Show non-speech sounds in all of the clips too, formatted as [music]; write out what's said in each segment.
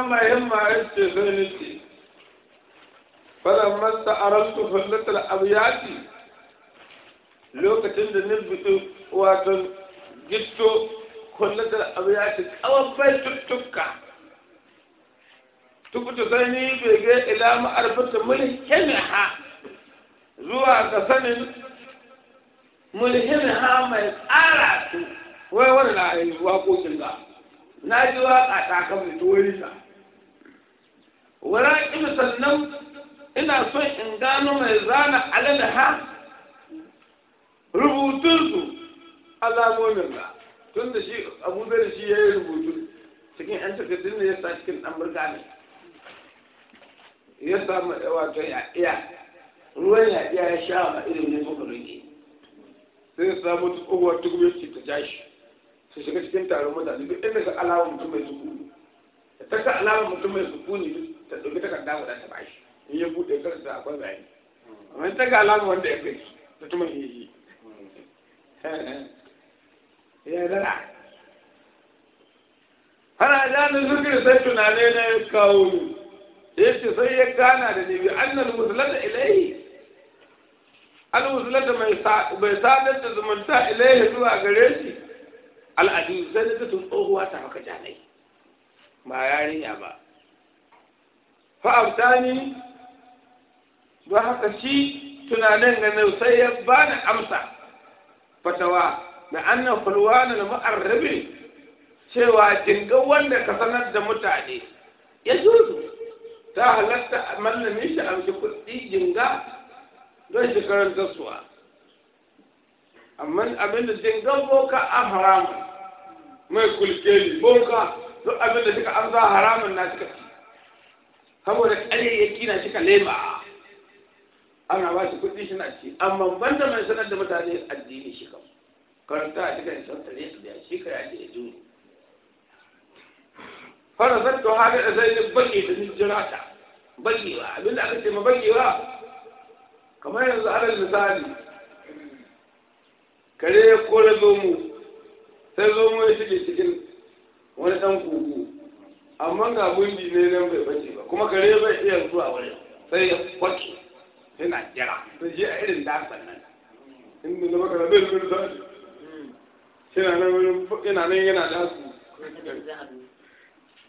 لما يما استغنتي فلما استعرضت فلة الأبيات lokacin da na bitu wato gitto kullatar abu ya ce tsawon bai tuttuka tukutu sai ni bai ga ila ma'arfata mulhimiha zuwa ga sanin mulhimiha mai tsara su wai wani na waƙoƙin ga na ji waƙa ta kan mutuwarisa yace sannan ina son in gano mai zana alada ha rubutun su alamomin ba tun da shi abu da shi ya yi rubutu cikin yan takardun da ya sa cikin dan ne ya samu wato yaɗiya ruwan yaɗiya ya sha ma irin ne suka rage sai ya samu tsohuwar tukubeci ta jashi su shiga cikin taron mutane duk inda ka alawar mutum mai sukuni ta ka alawar mutum mai sukuni duk ta ɗauki takarda guda ta bashi in ya buɗe karanta akwai bayani amma ta ga alama wanda ya kai ta tuma hihi [laughs] ya zara ana janin zurgin sai tunane na ya kawo ni ya ce sai ya gana da ne bi annal musulata ilai al musulata mai sadar da zumunta ilai zuwa gare shi al'adu sai da tun tsohuwa ta haka janai ba yarinya ba fa'autani ba haka shi tunanin da mai sai ya ba ni amsa fatawa na annan kulwa na ma'arrabe cewa jinga wanda ka sanar da mutane ya juzu ta halatta mallamin shi amshi kuɗi jinga don shi karanta suwa amma abin da jingan boka a haramun mai kulkeli boka don abin da suka an za haramun na suka saboda ya na shi lema ana ba shi kuɗi shi na ci amma banda mai sanar da mutane addini shi kan karanta a cikin santare su da shi ka yaje ya juni fara zatto haka da zai yi baki da hijirata abin abinda aka ce ma bakewa kamar yanzu alal misali kare ya kore zomo sai zomo ya shige cikin wani ɗan kuku amma ga gundi ne nan bai bace ba kuma kare zai iya zuwa wurin sai ya kwace yana kira sai je a irin dasan nan inda na baka zai zuwa da shi yana nan yana nan yana dasu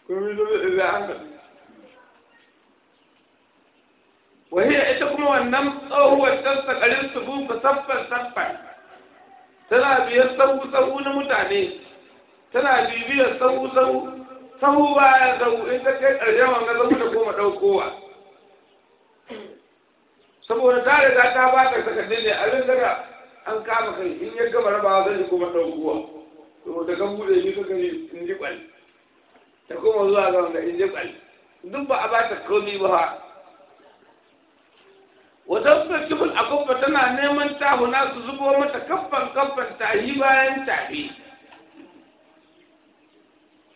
kuma yi zai zai an kaɗu وهي ita kuma wannan tsohuwar tasta karin su bu fa saffan saffan tana biyar sabu-sabu na mutane tana bibiyar sabu-sabu. sahu ya zau in ka kai ƙarshen wanga zama da koma ɗaukowa saboda ta riga ta ba ta takardun ne rin daga an kama kai in ya gama rabawa zan ji koma ɗaukowa to daga buɗe ni ka gani in ji ƙwal ta koma zuwa ga wanga in ji ƙwal duk ba a ba ta komi ba wata suka kibul a kofa tana neman tahu na su zubo mata kaffan kaffan tahi bayan tahi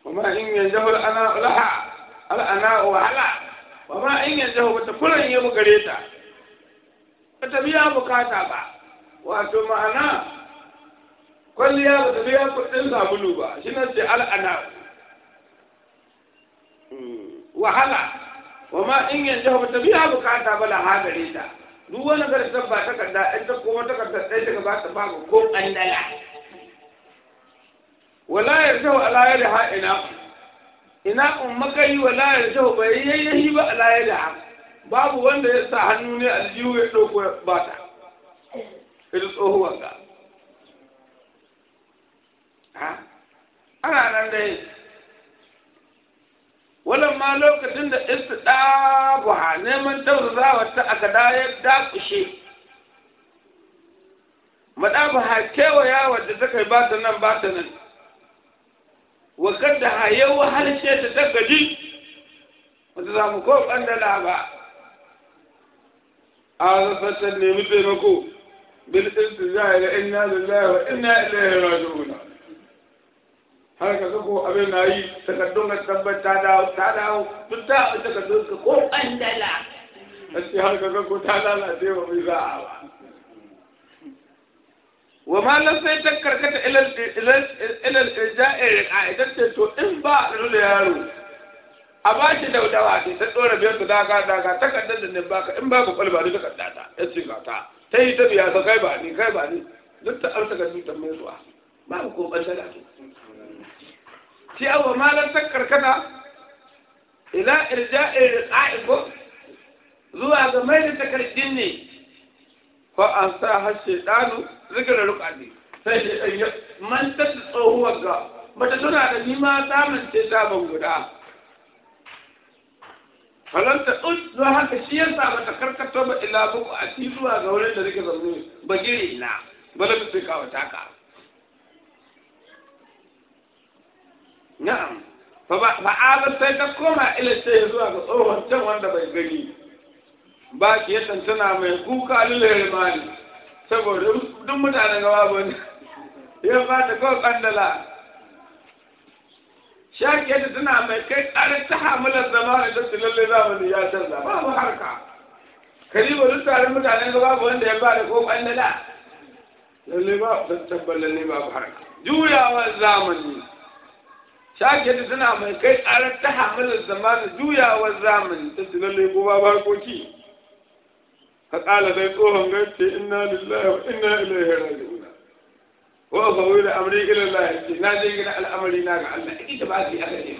وما إن ينجه الأناء لها الأناء وهلا وما إن ينجه وتفلن يبقريتا فتبيع مكاتبة wato ma'ana kwalliya ba ta biya kudin sabulu ba shi nan sai al'ana wahala wa ma in yanzu ba ta biya bukata ba la hagare ta duk wani garsan ba takarda ɗan ta koma takarda ɗaya ba ta ba ko an daya wala يرجو على يدها ina ina ummakai wala يرجو bayyayhi ba ala yadiha babu wanda ya sa hannu ne aljihu ya dauko ba ta ha ana nan dai wannan ma lokacin da istidabu ha neman daurawa ta aka da ya madabu ha kewaya wadda ta kai ba ta nan ba ta nan وقد ها يو هل شيء تتكجي وتزام كوف عند لعبا هذا فسد لي مثلكو بالالتزاع لإنا لله وإنا إليه راجعون هذا كذو أبينا أي تقدم التب تداو تداو بتاع تقدم كوف عند لعبا أشي هذا كذو تداو لا تيمو wa malam sai ta karkata ilal ja'ir ka'idan in ba a da a ba shi daudawa ce ta tsora biyar da daga daga takardar da nan in babu kwalba ne takarda ta ya ce ga ta ta yi ta biya ta kai ba ni kai ba ni duk ta arta ga ta mai zuwa ko bandala ce ci awa malam ta karkata ila irja'ir ka'id zuwa ga da takardin ne fa an sa ɗanu, zikin rigara rukadi sai shaidan ya Manta da tsohuwar ga mata tuna da ni ma samun ce sabon guda falanta ɗin zuwa haka shi ya sa mata karkato ba ila buku a ci zuwa ga wurin da rike zaune ba gire na ba da sai kawo taka na'am fa ba sai ta koma ila ce zuwa ga tsohon can wanda bai gani ba ki ya tantana mai kuka lilayar mani saboda duk mutane gaba ba ne ya ba ta kawai kandala shakiyar da tana mai kai ƙarar ta hamilar zama da ta lalle zamani ya canza babu harka ba duk tarin mutane gaba ba wanda ya ba da ko kandala lalle ba ta tabbar lalle ba harka juyawar zamani shakiyar da suna mai kai ƙarar ta hamilar zama da juyawar zamani ta lalle ko ba harkoki فقال زي قوهم إنا لله وإنا إليه راجعون إلى أمري إلى الله لا دين الأمر ناقع الله إكيد بعد أهل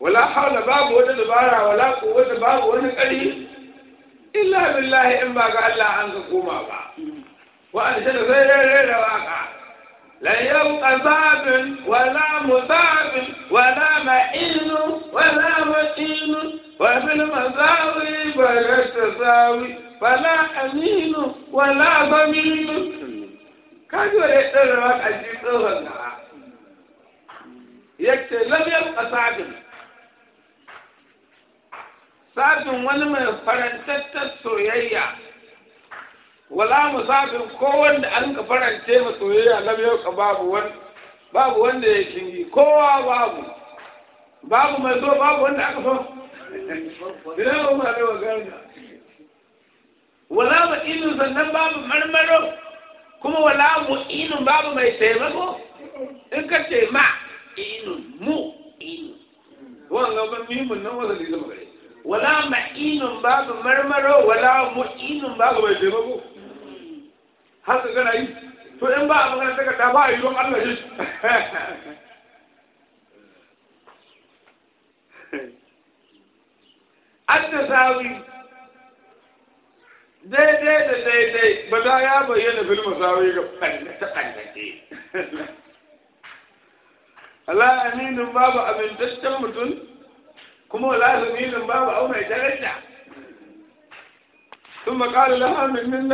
ولا حول باب ولا دبارة ولا قوة باب ولا قليل إلا بالله إما قال لا عنك قوما بعد وأنا سنة غير غير واقع لا يبقى باب ولا مباب ولا معين ولا متين وفي المزاوي ولا تساوي فلا أمين ولا ضمين كادوا يقدر ما أجيب أغنى يكتب لم يبقى صعب صعب ولم يفرنتت السوية wala musafir ko wanda an ka farance ma soyayya lam ka babu wani babu wanda ya kingi kowa babu babu mai zo babu wanda aka so Wala ba ma wala inu sannan babu marmaro kuma wala mu inu babu mai taimako in ka ce ma inu mu inu wanga ba mimun nan wanda lisa zama wala ma inu babu marmaro wala mu inu babu mai taimako har ka gana yi to in ba a magana daga ta ba a yi don Allah shi adda sawi daidai da daidai ba za ya bayyana filma sawi ga ɓallace ɓallace Allah aminin babu amintaccen mutum kuma wala aminin babu auna daraja ثم قال لها من من